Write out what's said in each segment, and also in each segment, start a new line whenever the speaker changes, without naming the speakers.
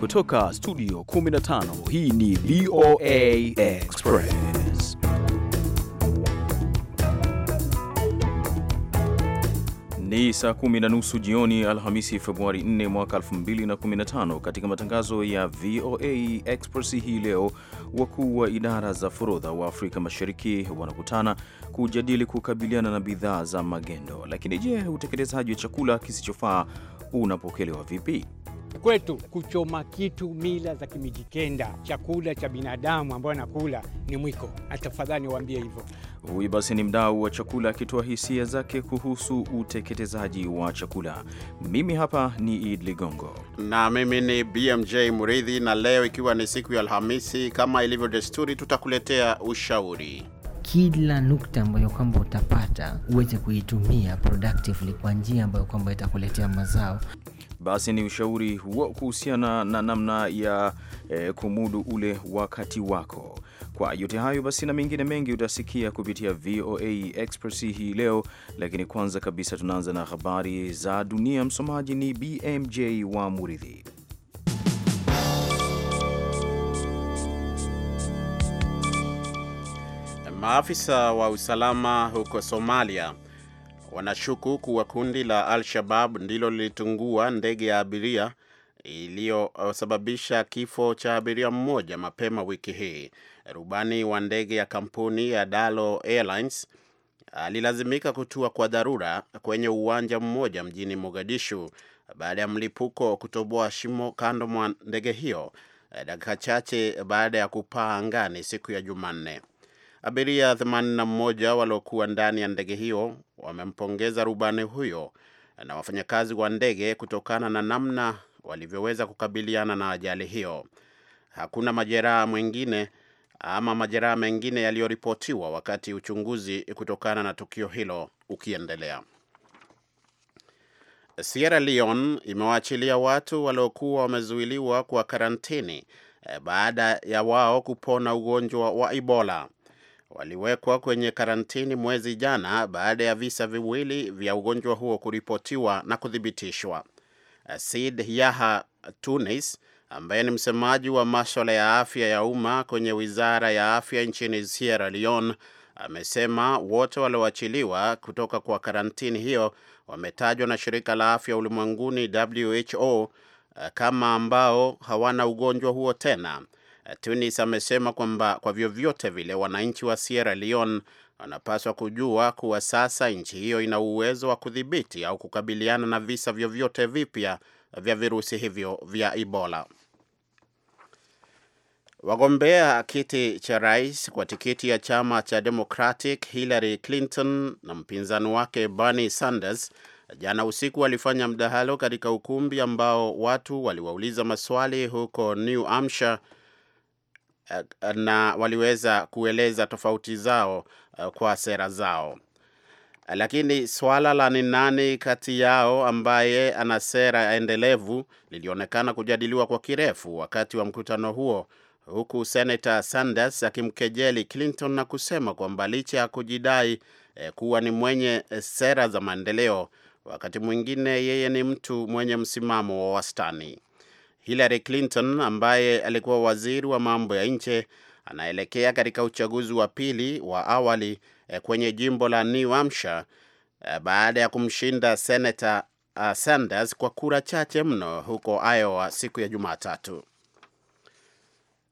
Kutoka studio 15 hii ni VOA Express. Ni saa kumi na nusu jioni Alhamisi, Februari 4 mwaka 2015. Katika matangazo ya VOA Express hii leo, wakuu wa idara za forodha wa Afrika Mashariki wanakutana kujadili kukabiliana na bidhaa za magendo. Lakini je, utekelezaji wa chakula kisichofaa unapokelewa vipi? kwetu kuchoma kitu, mila za Kimijikenda,
chakula cha binadamu ambayo anakula ni mwiko. Atafadhali waambie hivyo.
Huyu basi ni mdau wa chakula akitoa hisia zake kuhusu uteketezaji wa chakula. Mimi hapa ni Id Ligongo
na mimi ni BMJ Muridhi, na leo ikiwa ni siku ya Alhamisi, kama ilivyo desturi, tutakuletea ushauri
kila nukta ambayo kwamba utapata uweze kuitumia productively kwa njia ambayo kwamba itakuletea mazao
basi ni ushauri huo kuhusiana na namna ya e, kumudu ule wakati wako. Kwa yote hayo basi na mengine mengi utasikia kupitia VOA Express hii leo, lakini kwanza kabisa tunaanza na habari za dunia. Msomaji ni BMJ wa Muridhi. Maafisa wa
usalama huko Somalia wanashuku kuwa kundi la Al-Shabab ndilo lilitungua ndege ya abiria iliyosababisha kifo cha abiria mmoja mapema wiki hii. Rubani wa ndege ya kampuni ya Dalo Airlines alilazimika kutua kwa dharura kwenye uwanja mmoja mjini Mogadishu baada ya mlipuko kutoboa shimo kando mwa ndege hiyo eh, dakika chache baada ya kupaa angani siku ya Jumanne. Abiria 81 waliokuwa ndani ya ndege hiyo wamempongeza rubani huyo na wafanyakazi wa ndege kutokana na namna walivyoweza kukabiliana na ajali hiyo. Hakuna majeraha mwengine ama majeraha mengine yaliyoripotiwa wakati uchunguzi kutokana na tukio hilo ukiendelea. Sierra Leone imewaachilia watu waliokuwa wamezuiliwa kwa karantini eh, baada ya wao kupona ugonjwa wa Ebola waliwekwa kwenye karantini mwezi jana baada ya visa viwili vya ugonjwa huo kuripotiwa na kuthibitishwa. Said Yaha Tunis ambaye ni msemaji wa maswala ya afya ya umma kwenye wizara ya afya nchini Sierra Leone amesema wote walioachiliwa kutoka kwa karantini hiyo wametajwa na shirika la afya ulimwenguni WHO kama ambao hawana ugonjwa huo tena. Eh, Tunis amesema kwamba kwa vyovyote vile wananchi wa Sierra Leone wanapaswa kujua kuwa sasa nchi hiyo ina uwezo wa kudhibiti au kukabiliana na visa vyovyote vipya vya virusi hivyo vya Ebola. Wagombea kiti cha rais kwa tikiti ya chama cha Democratic Hillary Clinton na mpinzani wake Bernie Sanders jana usiku walifanya mdahalo katika ukumbi ambao watu waliwauliza maswali huko New Hampshire Eh, na waliweza kueleza tofauti zao eh, kwa sera zao, lakini swala la ni nani kati yao ambaye ana sera endelevu lilionekana kujadiliwa kwa kirefu wakati wa mkutano huo, huku Senator Sanders akimkejeli Clinton na kusema kwamba licha ya kujidai eh, kuwa ni mwenye sera za maendeleo, wakati mwingine yeye ni mtu mwenye msimamo wa wastani. Hillary Clinton ambaye alikuwa waziri wa mambo ya nje anaelekea katika uchaguzi wa pili wa awali eh, kwenye jimbo la New Hampshire eh, baada ya kumshinda Senator ah, Sanders kwa kura chache mno huko Iowa siku ya Jumatatu.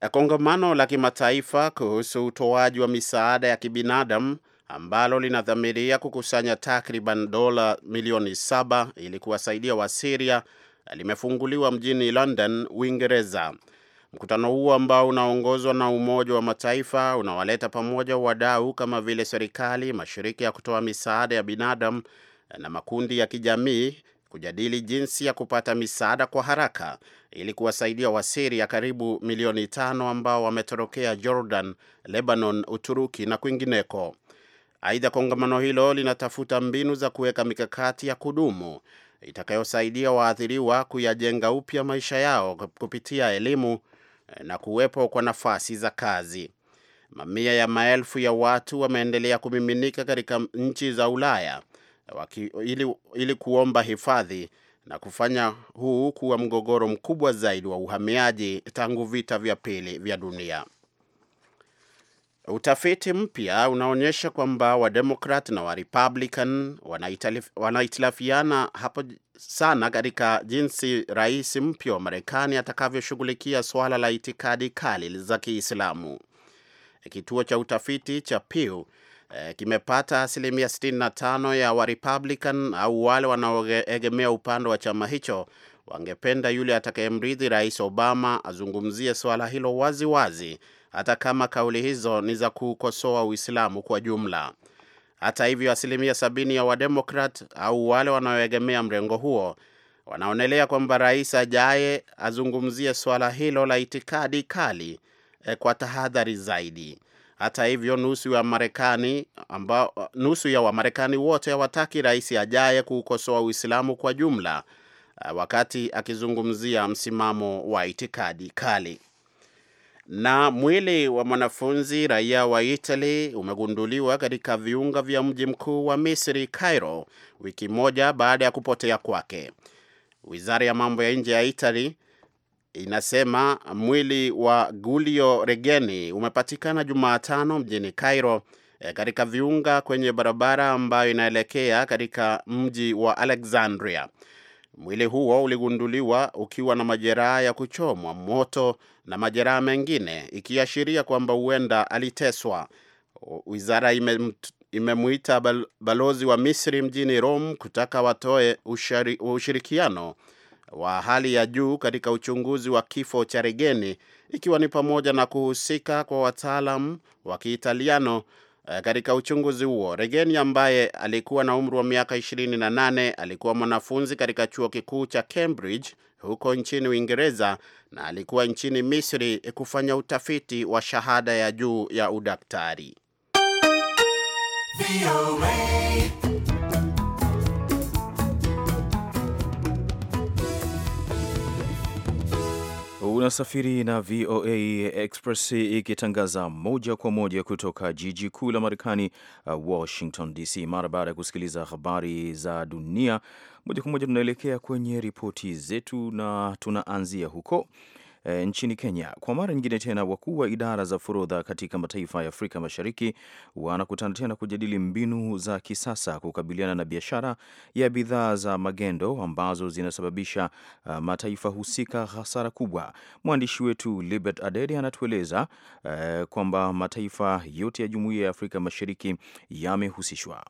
Eh, kongamano la kimataifa kuhusu utoaji wa misaada ya kibinadamu ambalo linadhamiria kukusanya takriban dola milioni saba ili kuwasaidia Wasiria limefunguliwa mjini London, Uingereza. Mkutano huo ambao unaongozwa na Umoja wa Mataifa unawaleta pamoja wadau kama vile serikali, mashirika ya kutoa misaada ya binadamu na makundi ya kijamii kujadili jinsi ya kupata misaada kwa haraka ili kuwasaidia Wasiria karibu milioni tano ambao wametorokea Jordan, Lebanon, Uturuki na kwingineko. Aidha, kongamano hilo linatafuta mbinu za kuweka mikakati ya kudumu itakayosaidia waathiriwa kuyajenga upya maisha yao kupitia elimu eh, na kuwepo kwa nafasi za kazi. Mamia ya maelfu ya watu wameendelea kumiminika katika nchi za Ulaya eh, waki, ili, ili kuomba hifadhi na kufanya huu kuwa mgogoro mkubwa zaidi wa uhamiaji tangu vita vya pili vya dunia. Utafiti mpya unaonyesha kwamba Wademokrat na Warepublican wanahitilafiana hapo sana katika jinsi rais mpya wa Marekani atakavyoshughulikia suala la itikadi kali za Kiislamu. Kituo cha utafiti cha Pew eh, kimepata asilimia 65 ya Warepublican au wale wanaoegemea upande wa chama hicho wangependa yule atakayemrithi Rais Obama azungumzie suala hilo waziwazi wazi, hata kama kauli hizo ni za kuukosoa Uislamu kwa jumla. Hata hivyo, asilimia sabini ya Wademokrat au wale wanaoegemea mrengo huo wanaonelea kwamba rais ajaye azungumzie suala hilo la itikadi kali eh, kwa tahadhari zaidi. Hata hivyo, nusu ya Marekani nusu ya Wamarekani wote hawataki rais ajaye kuukosoa Uislamu kwa jumla eh, wakati akizungumzia msimamo wa itikadi kali. Na mwili wa mwanafunzi raia wa Italy umegunduliwa katika viunga vya mji mkuu wa Misri, Cairo, wiki moja baada ya kupotea kwake. Wizara ya mambo ya nje ya Italy inasema mwili wa Giulio Regeni umepatikana Jumatano mjini Cairo eh, katika viunga kwenye barabara ambayo inaelekea katika mji wa Alexandria. Mwili huo uligunduliwa ukiwa na majeraha ya kuchomwa moto na majeraha mengine, ikiashiria kwamba huenda aliteswa. Wizara imemwita balozi wa Misri mjini Rome kutaka watoe ushirikiano wa hali ya juu katika uchunguzi wa kifo cha Regeni, ikiwa ni pamoja na kuhusika kwa wataalam wa Kiitaliano Eh, katika uchunguzi huo. Regeni ambaye alikuwa na umri wa miaka 28 alikuwa mwanafunzi katika chuo kikuu cha Cambridge huko nchini Uingereza na alikuwa nchini Misri eh, kufanya utafiti wa shahada ya juu ya udaktari.
Unasafiri na VOA Express ikitangaza moja kwa moja kutoka jiji kuu la Marekani, uh, Washington DC. Mara baada ya kusikiliza habari za dunia moja kwa moja, tunaelekea kwenye ripoti zetu na tunaanzia huko e, nchini Kenya. Kwa mara nyingine tena, wakuu wa idara za forodha katika mataifa ya Afrika Mashariki wanakutana tena kujadili mbinu za kisasa kukabiliana na biashara ya bidhaa za magendo ambazo zinasababisha uh, mataifa husika hasara kubwa. Mwandishi wetu Libert Adede anatueleza uh, kwamba mataifa yote ya Jumuiya ya Afrika Mashariki yamehusishwa.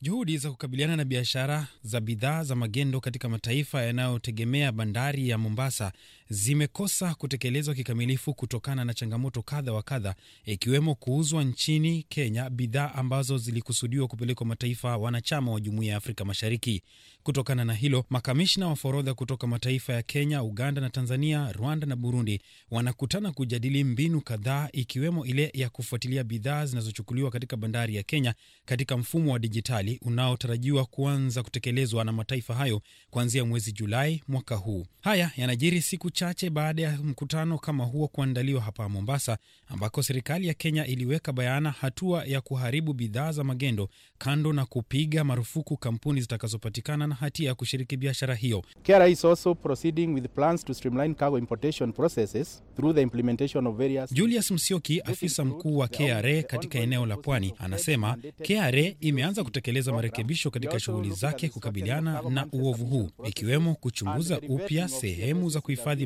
Juhudi za kukabiliana na biashara za bidhaa za magendo katika mataifa yanayotegemea bandari ya Mombasa zimekosa kutekelezwa kikamilifu kutokana na changamoto kadha wa kadha, ikiwemo kuuzwa nchini Kenya bidhaa ambazo zilikusudiwa kupelekwa mataifa wanachama wa Jumuiya ya Afrika Mashariki. Kutokana na hilo, makamishna wa forodha kutoka mataifa ya Kenya, Uganda na Tanzania, Rwanda na Burundi wanakutana kujadili mbinu kadhaa, ikiwemo ile ya kufuatilia bidhaa zinazochukuliwa katika bandari ya Kenya katika mfumo wa dijitali unaotarajiwa kuanza kutekelezwa na mataifa hayo kuanzia mwezi Julai mwaka huu. Haya yanajiri siku chache baada ya mkutano kama huo kuandaliwa hapa Mombasa, ambako serikali ya Kenya iliweka bayana hatua ya kuharibu bidhaa za magendo, kando na kupiga marufuku kampuni zitakazopatikana na hatia ya kushiriki biashara hiyo.
KRA is also proceeding with plans to streamline cargo importation processes through the implementation
of various... Julius Msioki, afisa mkuu wa KRA katika eneo la Pwani, anasema KRA imeanza kutekeleza marekebisho katika shughuli zake kukabiliana na uovu huu, ikiwemo kuchunguza upya sehemu za kuhifadhi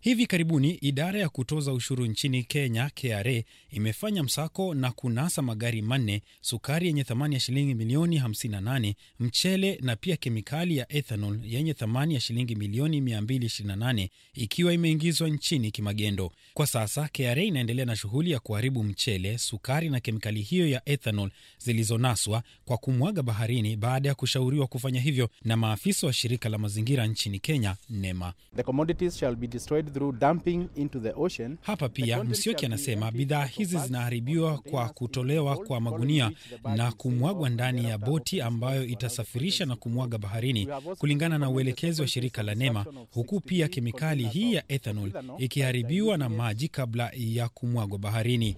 Hivi karibuni idara ya kutoza ushuru nchini Kenya, KRA, imefanya msako na kunasa magari manne, sukari yenye thamani ya shilingi milioni 58, mchele na pia kemikali ya ethanol yenye thamani ya shilingi milioni 228 ikiwa imeingizwa nchini kimagendo. Kwa sasa KRA inaendelea na shughuli ya kuharibu mchele, sukari na kemikali hiyo ya ethanol zilizonaswa kwa kumwaga baharini baada ya kushauriwa kufanya hivyo na maafisa wa shirika la mazingira nchini Kenya, NEMA. The commodities shall be destroyed through dumping into the ocean. Hapa pia Msioki anasema bidhaa hizi zinaharibiwa kwa kutolewa kwa magunia na kumwagwa ndani ya boti ambayo itasafirisha na kumwaga baharini kulingana na uelekezi wa shirika la NEMA, huku pia kemikali hii ya ethanol ikiharibiwa na maji kabla ya kumwagwa baharini.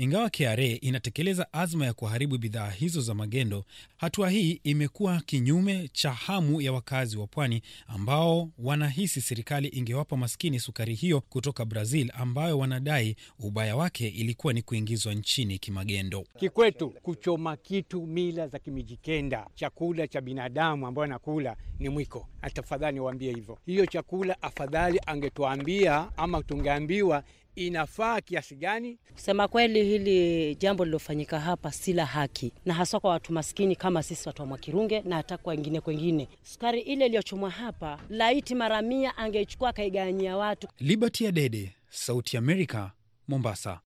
Ingawa KRA inatekeleza azma ya kuharibu bidhaa hizo za magendo, hatua hii imekuwa kinyume cha hamu ya wakazi wa pwani ambao wanahisi serikali ingewapa maskini sukari hiyo kutoka Brazil ambayo wanadai ubaya wake ilikuwa ni kuingizwa nchini kimagendo.
Kikwetu kuchoma kitu, mila za Kimijikenda, chakula cha binadamu ambayo anakula ni mwiko. Atafadhali niwaambie hivyo, hiyo chakula afadhali angetuambia
ama tungeambiwa inafaa kiasi gani? Kusema kweli, hili jambo lilofanyika hapa si la haki, na haswa kwa watu maskini kama sisi, watu wa Mwakirunge na hata kwa
wengine kwengine.
Sukari ile iliyochomwa hapa, laiti mara mia angeichukua akaigawanyia watu.
Liberty Adede, Sauti Amerika, Mombasa.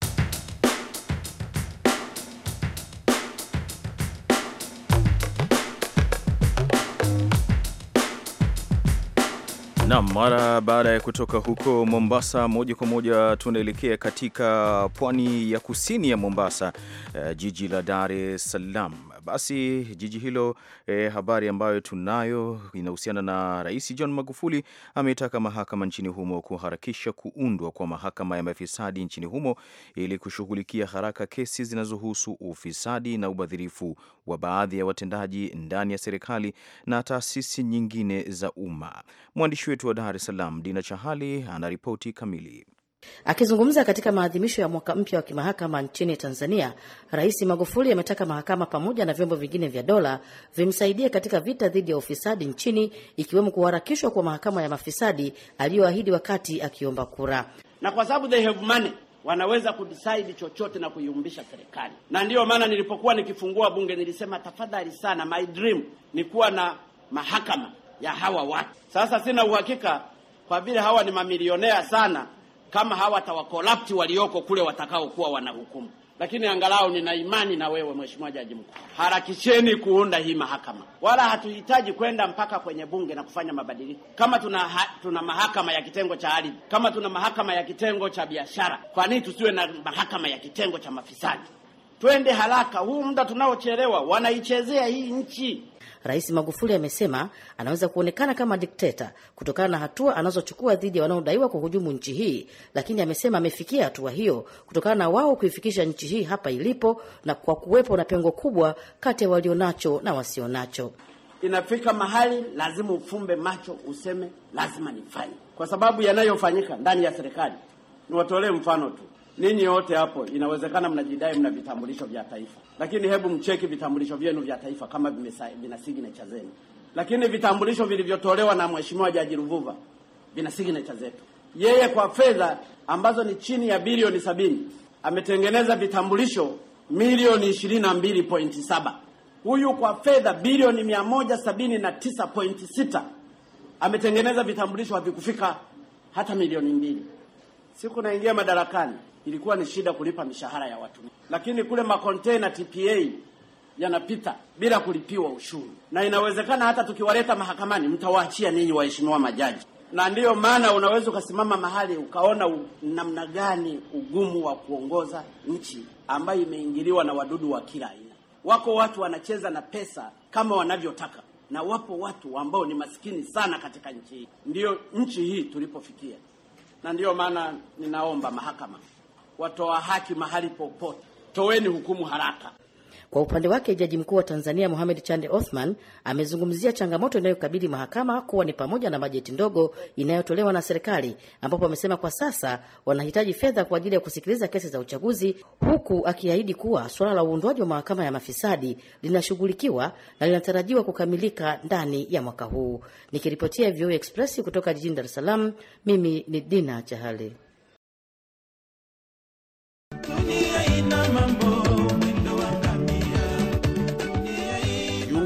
Nam, mara baada ya kutoka huko Mombasa, moja kwa moja tunaelekea katika pwani ya kusini ya Mombasa, eh, jiji la Dar es Salaam, basi jiji hilo eh, habari ambayo tunayo inahusiana na Rais John Magufuli ametaka mahakama nchini humo kuharakisha kuundwa kwa mahakama ya mafisadi nchini humo ili kushughulikia haraka kesi zinazohusu ufisadi na ubadhirifu wa baadhi ya watendaji ndani ya serikali na taasisi nyingine za umma. Mwandishi wetu wa Dar es Salaam Dina Chahali anaripoti kamili.
Akizungumza katika maadhimisho ya mwaka mpya wa kimahakama nchini Tanzania, Rais Magufuli ametaka mahakama pamoja na vyombo vingine vya dola vimsaidie katika vita dhidi ya ufisadi nchini, ikiwemo kuharakishwa kwa mahakama ya mafisadi aliyoahidi wakati akiomba kura.
Na kwa sababu they have money wanaweza kudisaidi chochote na kuiumbisha serikali, na ndiyo maana nilipokuwa nikifungua bunge nilisema, tafadhali sana, my dream ni kuwa na mahakama ya hawa watu. Sasa sina uhakika kwa vile hawa ni mamilionea sana kama hawatawakolapti walioko kule watakaokuwa wanahukumu. Lakini angalau nina imani na wewe Mheshimiwa Jaji Mkuu, harakisheni kuunda hii mahakama. Wala hatuhitaji kwenda mpaka kwenye bunge na kufanya mabadiliko. Kama tuna ha, tuna mahakama ya kitengo cha ardhi, kama tuna mahakama ya kitengo cha biashara, kwa nini tusiwe na mahakama ya kitengo cha mafisadi?
twende haraka, huu muda tunaochelewa wanaichezea hii nchi. Rais Magufuli amesema anaweza kuonekana kama dikteta kutokana na hatua anazochukua dhidi ya wanaodaiwa kuhujumu nchi hii, lakini amesema amefikia hatua hiyo kutokana na wao kuifikisha nchi hii hapa ilipo, na kwa kuwepo na pengo kubwa kati ya walionacho na wasionacho.
Inafika mahali lazima ufumbe macho, useme lazima nifanye, kwa sababu yanayofanyika ndani ya serikali. Niwatolee mfano tu, Ninyi wote hapo inawezekana mnajidai mna vitambulisho vya taifa, lakini hebu mcheki vitambulisho vyenu vya taifa kama vina signature zenu. Lakini vitambulisho vilivyotolewa na mheshimiwa Jaji Ruvuva vina signature zetu. Yeye kwa fedha ambazo ni chini ya bilioni sabini ametengeneza vitambulisho milioni saba. Huyu kwa fedha bilioni sita ametengeneza vitambulisho havikufika hata milioni mbili. Siku naingia madarakani ilikuwa ni shida kulipa mishahara ya watumishi, lakini kule makontena TPA yanapita bila kulipiwa ushuru, na inawezekana hata tukiwaleta mahakamani mtawaachia ninyi, waheshimiwa majaji. Na ndiyo maana unaweza ukasimama mahali ukaona namna gani ugumu wa kuongoza nchi ambayo imeingiliwa na wadudu wa kila aina. Wako watu wanacheza na pesa kama wanavyotaka, na wapo watu ambao ni masikini sana katika nchi hii. Ndiyo nchi hii tulipofikia, na ndiyo maana ninaomba mahakama watoa haki mahali popote, toweni hukumu haraka.
Kwa upande wake jaji mkuu wa Tanzania Mohamed Chande Othman amezungumzia changamoto inayokabili mahakama kuwa ni pamoja na bajeti ndogo inayotolewa na serikali, ambapo amesema kwa sasa wanahitaji fedha kwa ajili ya kusikiliza kesi za uchaguzi, huku akiahidi kuwa suala la uundwaji wa mahakama ya mafisadi linashughulikiwa na linatarajiwa kukamilika ndani ya mwaka huu. Nikiripotia VOA Express kutoka jijini Dar es Salaam, mimi ni Dina Chahali.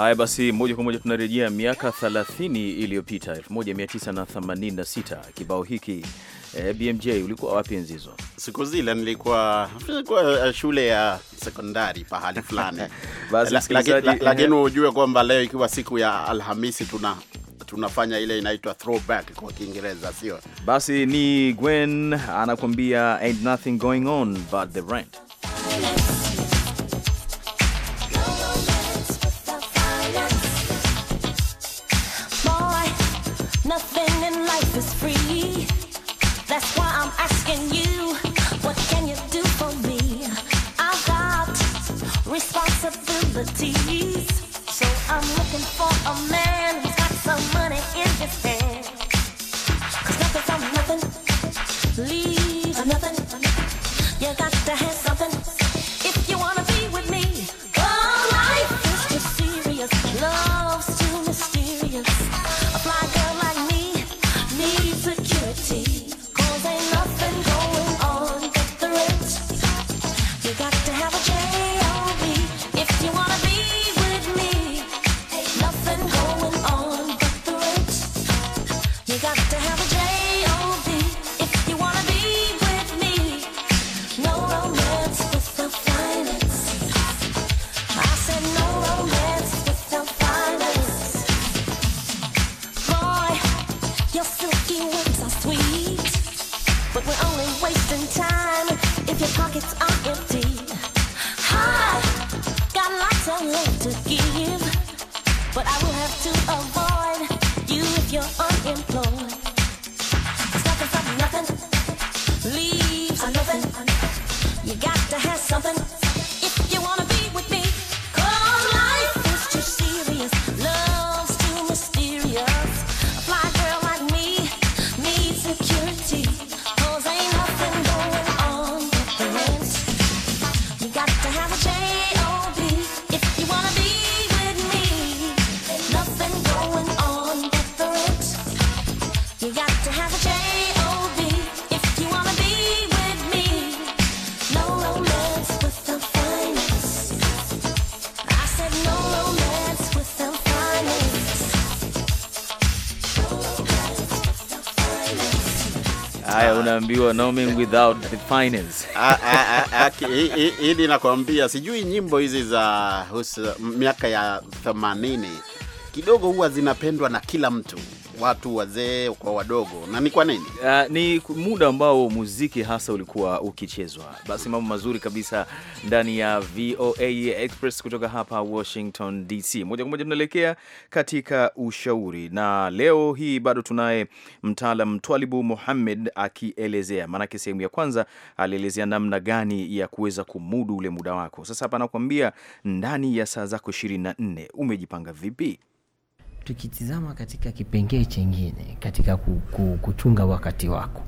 Haya basi, moja kwa moja tunarejea miaka 30 iliyopita 1986. Kibao hiki eh, BMJ ulikuwa wapi enzi hizo? Siku zile nilikuwa,
nilikuwa eh, shule ya sekondari pahali fulani lakini eh, ujue kwamba leo ikiwa siku ya Alhamisi tuna tunafanya ile inaitwa throwback kwa Kiingereza, sio?
Basi ni Gwen anakuambia ain't nothing going on but the rent
for a man. to avoid you if you're
unaambiwa nomin without the
Hili nakwambia, sijui nyimbo hizi za miaka ya 80 kidogo huwa zinapendwa na kila mtu watu wazee kwa
wadogo, na ni kwa nini? Uh, ni muda ambao muziki hasa ulikuwa ukichezwa. Basi mambo mazuri kabisa ndani ya VOA Express kutoka hapa Washington DC. Moja kwa moja tunaelekea katika ushauri, na leo hii bado tunaye mtaalam Twalibu Muhammed akielezea, maanake sehemu ya kwanza alielezea namna gani ya kuweza kumudu ule muda wako. Sasa hapa anakuambia ndani ya saa zako 24 umejipanga vipi?
Tukitizama katika kipengee chengine katika kuchunga wakati wako,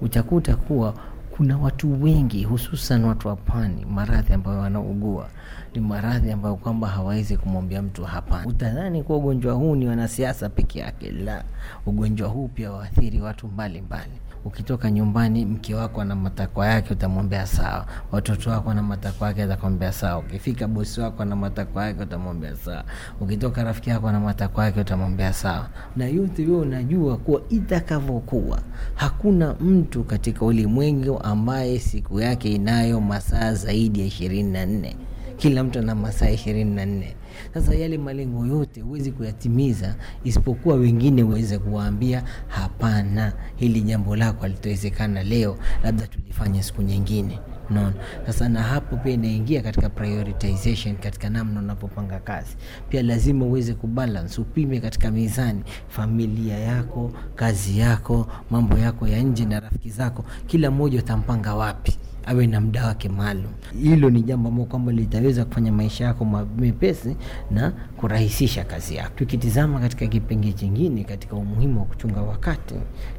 utakuta kuwa kuna watu wengi, hususan watu wa pwani, maradhi ambayo wanaugua ni maradhi ambayo kwamba hawawezi kumwambia mtu hapana. Utadhani kuwa ugonjwa huu ni wanasiasa peke yake, la, ugonjwa huu pia waathiri watu mbalimbali. Ukitoka nyumbani, mke wako ana matakwa yake, utamwambia sawa. Watoto wako na matakwa yake, atakwambia sawa. Ukifika bosi wako ana matakwa yake, utamwambia sawa. Ukitoka rafiki yako na matakwa yake, utamwambia sawa. Na yote hiyo unajua kuwa itakavyokuwa, hakuna mtu katika ulimwengu ambaye siku yake inayo masaa zaidi ya ishirini na nne. Kila mtu ana masaa ishirini na nne. Sasa yale malengo yote huwezi kuyatimiza, isipokuwa wengine waweze kuwaambia hapana, hili jambo lako halitowezekana leo, labda tulifanya siku nyingine. Unaona, sasa na hapo pia inaingia katika prioritization, katika namna unapopanga kazi. Pia lazima uweze kubalance, upime katika mizani familia yako, kazi yako, mambo yako ya nje na rafiki zako, kila mmoja utampanga wapi? awe na muda wake maalum. Hilo ni jambo ambalo kwamba litaweza kufanya maisha yako mepesi na kurahisisha kazi yako. Tukitizama katika kipengee chingine katika umuhimu wa kuchunga wakati,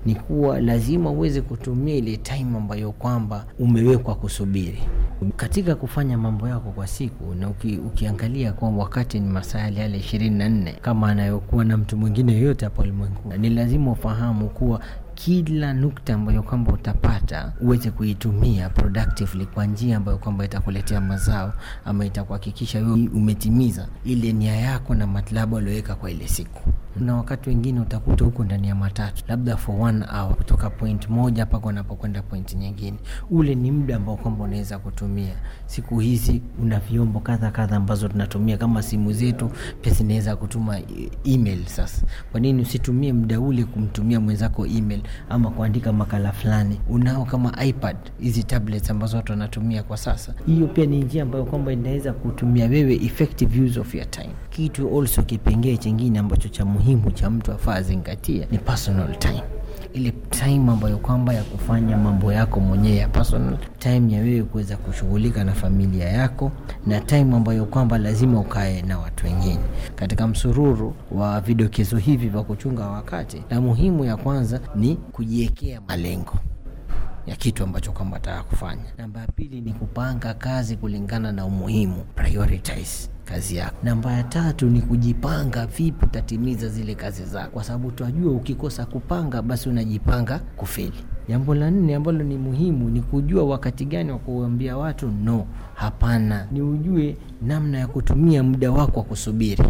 ni kuwa lazima uweze kutumia ile time ambayo kwamba umewekwa kusubiri katika kufanya mambo yako kwa siku, na uki, ukiangalia kwa wakati ni masaa yale ishirini na nne kama anayokuwa na mtu mwingine yoyote hapa ulimwenguni, ni lazima ufahamu kuwa kila nukta ambayo kwamba utapata uweze kuitumia productively kwa njia ambayo kwamba itakuletea mazao ama itakuhakikisha wewe umetimiza ile nia yako na matlabu aliyoweka kwa ile siku. Kuna wakati wengine utakuta huko ndani ya matatu labda for one hour kutoka point moja mpaka unapokwenda point nyingine. Ule ni muda ambao kwamba unaweza kutumia. Siku hizi una vyombo kadha kadha ambazo tunatumia kama simu zetu, pia zinaweza kutuma e-, email. Sasa kwa nini usitumie muda ule kumtumia mwenzako email ama kuandika makala fulani? Unao kama iPad, hizi tablets ambazo watu wanatumia kwa sasa, hiyo pia ni njia ambayo kwamba inaweza kutumia wewe effective use of your time kitu also, kipengee chingine ambacho cha muhimu cha mtu afaa zingatia ni personal time ile time ambayo kwamba ya kufanya mambo yako mwenyewe ya personal time ya wewe kuweza kushughulika na familia yako, na time ambayo kwamba lazima ukae na watu wengine. Katika msururu wa vidokezo hivi vya kuchunga wakati, la muhimu ya kwanza ni kujiwekea malengo ya kitu ambacho kwamba ataka kufanya. Namba ya pili ni kupanga kazi kulingana na umuhimu, prioritize kazi yako. Namba ya tatu ni kujipanga, vipi utatimiza zile kazi zako, kwa sababu tunajua ukikosa kupanga, basi unajipanga kufeli. Jambo la nne ambalo ni muhimu ni kujua wakati gani wa kuambia watu no, hapana, ni ujue namna ya kutumia muda wako wa kusubiri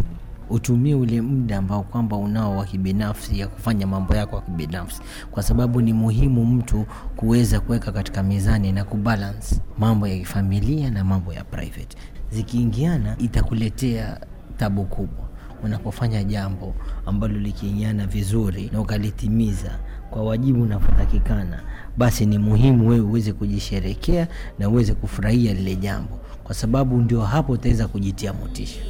utumie ule muda ambao kwamba unao wa kibinafsi ya kufanya mambo yako ya kibinafsi, kwa sababu ni muhimu mtu kuweza kuweka katika mizani na kubalance mambo ya kifamilia na mambo ya private. Zikiingiana itakuletea tabu kubwa. Unapofanya jambo ambalo likiingiana vizuri na ukalitimiza kwa wajibu unapotakikana, basi ni muhimu wewe uweze kujisherekea na uweze kufurahia lile jambo, kwa sababu ndio hapo utaweza kujitia motisha.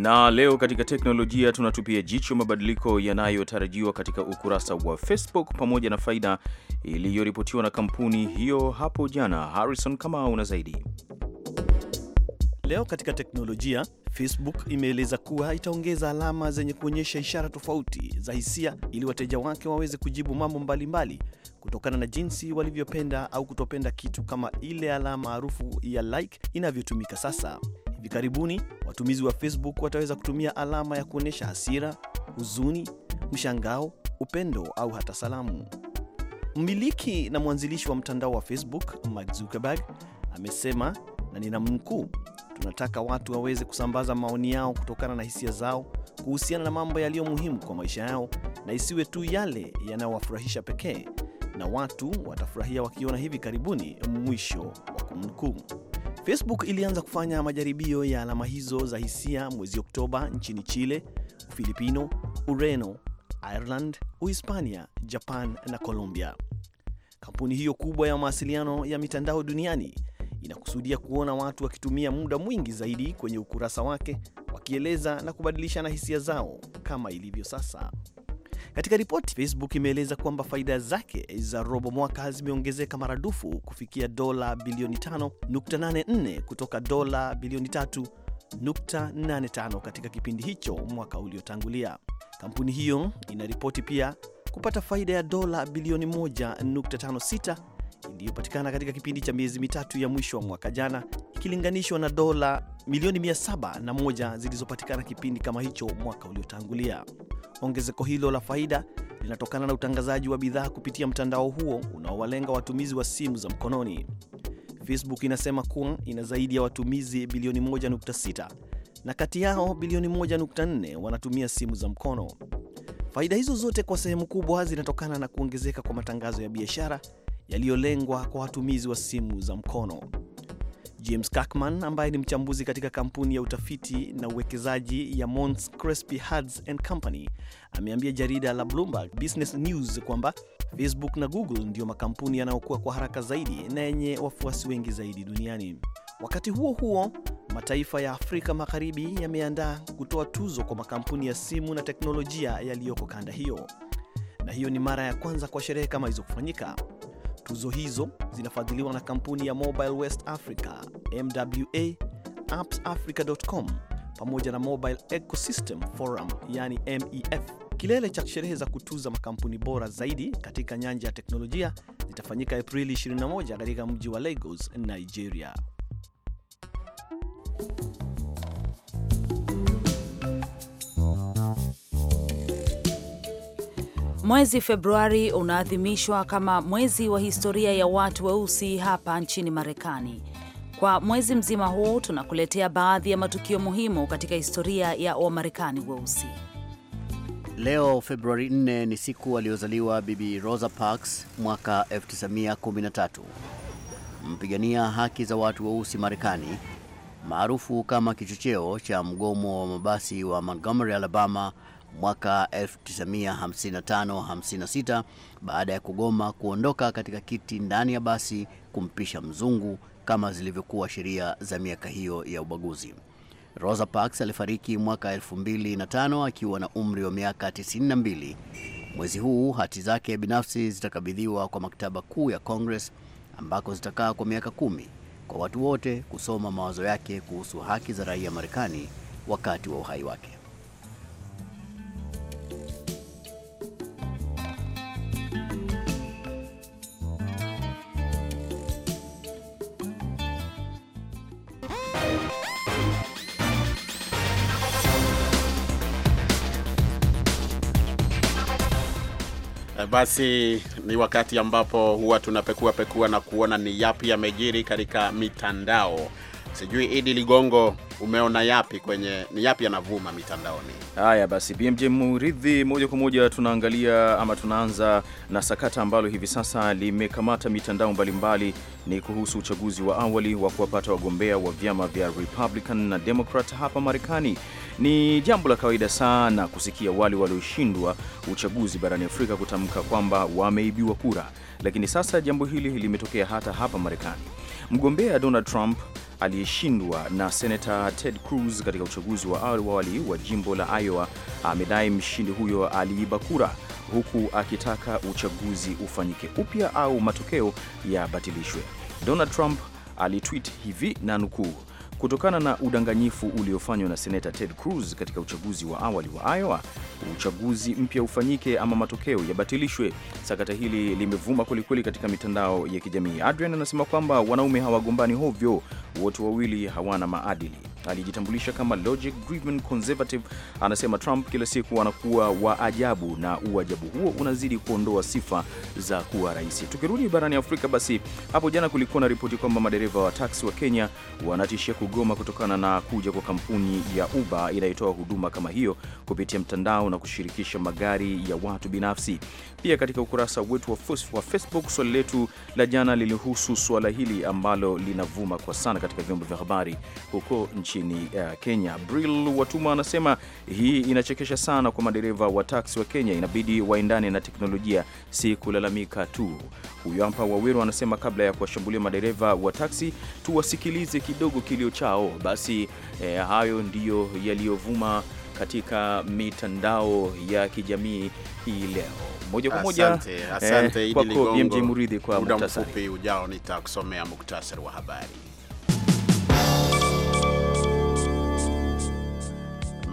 Na leo katika teknolojia tunatupia jicho mabadiliko yanayotarajiwa katika ukurasa wa Facebook pamoja na faida iliyoripotiwa na kampuni hiyo hapo jana. Harrison,
kama una zaidi. Leo katika teknolojia, Facebook imeeleza kuwa itaongeza alama zenye kuonyesha ishara tofauti za hisia ili wateja wake waweze kujibu mambo mbalimbali kutokana na jinsi walivyopenda au kutopenda kitu, kama ile alama maarufu ya like inavyotumika sasa. Hivi karibuni watumizi wa Facebook wataweza kutumia alama ya kuonyesha hasira, huzuni, mshangao, upendo au hata salamu. Mmiliki na mwanzilishi wa mtandao wa Facebook Mark Zuckerberg amesema, na ninamnukuu, tunataka watu waweze kusambaza maoni yao kutokana na hisia zao kuhusiana na mambo yaliyo muhimu kwa maisha yao, na isiwe tu yale yanayowafurahisha pekee, na watu watafurahia wakiona hivi karibuni, mwisho wa kumnukuu. Facebook ilianza kufanya majaribio ya alama hizo za hisia mwezi Oktoba nchini Chile, Ufilipino, Ureno, Ireland, Uhispania, Japan na Colombia. Kampuni hiyo kubwa ya mawasiliano ya mitandao duniani inakusudia kuona watu wakitumia muda mwingi zaidi kwenye ukurasa wake wakieleza na kubadilishana hisia zao kama ilivyo sasa. Katika ripoti, Facebook imeeleza kwamba faida zake za robo mwaka zimeongezeka maradufu kufikia dola bilioni 5.84 kutoka dola bilioni 3.85 katika kipindi hicho mwaka uliotangulia. Kampuni hiyo inaripoti pia kupata faida ya dola bilioni 1.56 iliyopatikana katika kipindi cha miezi mitatu ya mwisho wa mwaka jana ikilinganishwa na dola milioni 701 zilizopatikana kipindi kama hicho mwaka uliotangulia. Ongezeko hilo la faida linatokana na utangazaji wa bidhaa kupitia mtandao huo unaowalenga watumizi wa simu za mkononi. Facebook inasema kuwa ina zaidi ya watumizi bilioni 1.6 na kati yao bilioni 1.4 wanatumia simu za mkono. Faida hizo zote kwa sehemu kubwa zinatokana na kuongezeka kwa matangazo ya biashara yaliyolengwa kwa watumizi wa simu za mkono. James Kirkman ambaye ni mchambuzi katika kampuni ya utafiti na uwekezaji ya Mons Crespi Hards and Company ameambia jarida la Bloomberg Business News kwamba Facebook na Google ndiyo makampuni yanayokuwa kwa haraka zaidi na yenye wafuasi wengi zaidi duniani. Wakati huo huo, mataifa ya Afrika Magharibi yameandaa kutoa tuzo kwa makampuni ya simu na teknolojia yaliyoko kanda hiyo, na hiyo ni mara ya kwanza kwa sherehe kama hizo kufanyika. Tuzo hizo zinafadhiliwa na kampuni ya Mobile West Africa, MWA, appsafrica.com pamoja na Mobile Ecosystem Forum yani MEF. Kilele cha sherehe za kutuza makampuni bora zaidi katika nyanja ya teknolojia zitafanyika Aprili 21 katika mji wa Lagos, Nigeria.
Mwezi Februari unaadhimishwa kama mwezi wa historia ya watu weusi hapa nchini Marekani. Kwa mwezi mzima huu tunakuletea baadhi ya matukio muhimu katika historia ya Wamarekani weusi.
Leo Februari 4 ni siku aliyozaliwa Bibi Rosa Parks mwaka 1913, mpigania haki za watu weusi Marekani, maarufu kama kichocheo cha mgomo wa mabasi wa Montgomery, Alabama mwaka 1955-56 baada ya kugoma kuondoka katika kiti ndani ya basi kumpisha mzungu kama zilivyokuwa sheria za miaka hiyo ya ubaguzi. Rosa Parks alifariki mwaka 2005 akiwa na umri wa miaka 92. Mwezi huu hati zake binafsi zitakabidhiwa kwa maktaba kuu ya Congress ambako zitakaa kwa miaka kumi kwa watu wote kusoma mawazo yake kuhusu haki za raia Marekani wakati
wa uhai wake.
Eh, basi ni wakati ambapo huwa tunapekua pekua na kuona ni yapi yamejiri katika mitandao Sijui Idi Ligongo, umeona yapi kwenye ni yapi yanavuma mitandaoni?
Haya basi, BMJ Muridhi, moja kwa moja tunaangalia ama tunaanza na sakata ambalo hivi sasa limekamata mitandao mbalimbali, ni kuhusu uchaguzi wa awali wa kuwapata wagombea wa vyama vya Republican na Democrat hapa Marekani. Ni jambo la kawaida sana kusikia wale walioshindwa uchaguzi barani Afrika kutamka kwamba wameibiwa kura, lakini sasa jambo hili limetokea hata hapa Marekani. Mgombea Donald Trump aliyeshindwa na senata Ted Cruz katika uchaguzi wa awali wa jimbo la Iowa amedai mshindi huyo aliiba kura, huku akitaka uchaguzi ufanyike upya au matokeo yabatilishwe. Donald Trump alitwit hivi na nukuu, kutokana na udanganyifu uliofanywa na seneta Ted Cruz katika uchaguzi wa awali wa Iowa, uchaguzi mpya ufanyike ama matokeo yabatilishwe. Sakata hili limevuma kwelikweli katika mitandao ya kijamii. Adrian anasema kwamba wanaume hawagombani hovyo, wote wawili hawana maadili alijitambulisha kama Logic Driven Conservative, anasema Trump kila siku anakuwa wa ajabu na uajabu huo unazidi kuondoa sifa za kuwa rais. Tukirudi barani Afrika, basi hapo jana kulikuwa na ripoti kwamba madereva wa taksi wa Kenya wanatishia kugoma kutokana na kuja kwa kampuni ya Uber inayotoa huduma kama hiyo kupitia mtandao na kushirikisha magari ya watu binafsi. Pia katika ukurasa wetu wa Facebook, swali letu la jana lilihusu suala hili ambalo linavuma kwa sana katika vyombo vya habari huko nchi nchini uh, Kenya. Bril Watuma anasema hii inachekesha sana kwa madereva wa taksi wa Kenya, inabidi waendane na teknolojia, si kulalamika tu. Huyo hapa Wawiru anasema kabla ya kuwashambulia madereva wa taksi tuwasikilize kidogo kilio chao. Basi eh, hayo ndiyo yaliyovuma katika mitandao ya kijamii hii leo. Moja kwa moja asante, asante, eh, kwako BMJ Muridhi kwa muda mfupi
ujao nitakusomea muktasari wa habari.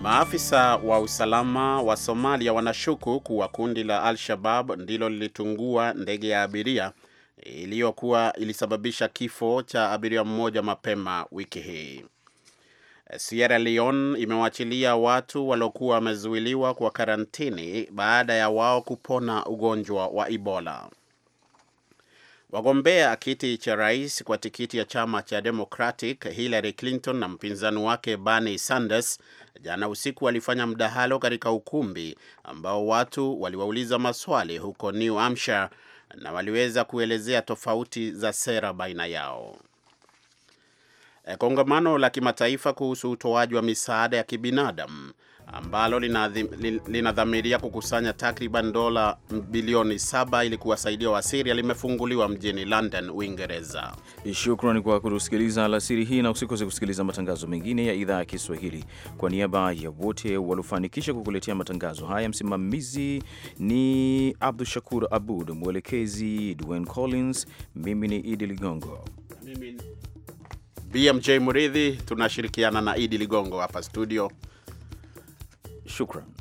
Maafisa wa usalama wa Somalia wanashuku kuwa kundi la Al-Shabab ndilo lilitungua ndege ya abiria iliyokuwa ilisababisha kifo cha abiria mmoja mapema wiki hii. Sierra Leone imewachilia watu waliokuwa wamezuiliwa kwa karantini baada ya wao kupona ugonjwa wa Ebola. Wagombea kiti cha rais kwa tikiti ya chama cha Democratic Hillary Clinton na mpinzani wake Bernie Sanders jana usiku walifanya mdahalo katika ukumbi ambao watu waliwauliza maswali huko New Hampshire na waliweza kuelezea tofauti za sera baina yao. Eh, kongamano la kimataifa kuhusu utoaji wa misaada ya kibinadamu ambalo linadhamiria kukusanya takriban dola bilioni saba ili kuwasaidia wasiria limefunguliwa mjini London, Uingereza.
Shukrani kwa kutusikiliza alasiri hii, na usikose kusikiliza matangazo mengine ya idhaa ya Kiswahili. Kwa niaba ya wote waliofanikisha kukuletea matangazo haya, msimamizi ni Abdu Shakur Abud, mwelekezi Dwayne Collins, mimi ni Idi Ligongo
BMJ Muridhi, tunashirikiana na Idi Ligongo hapa studio.
शुक्रिया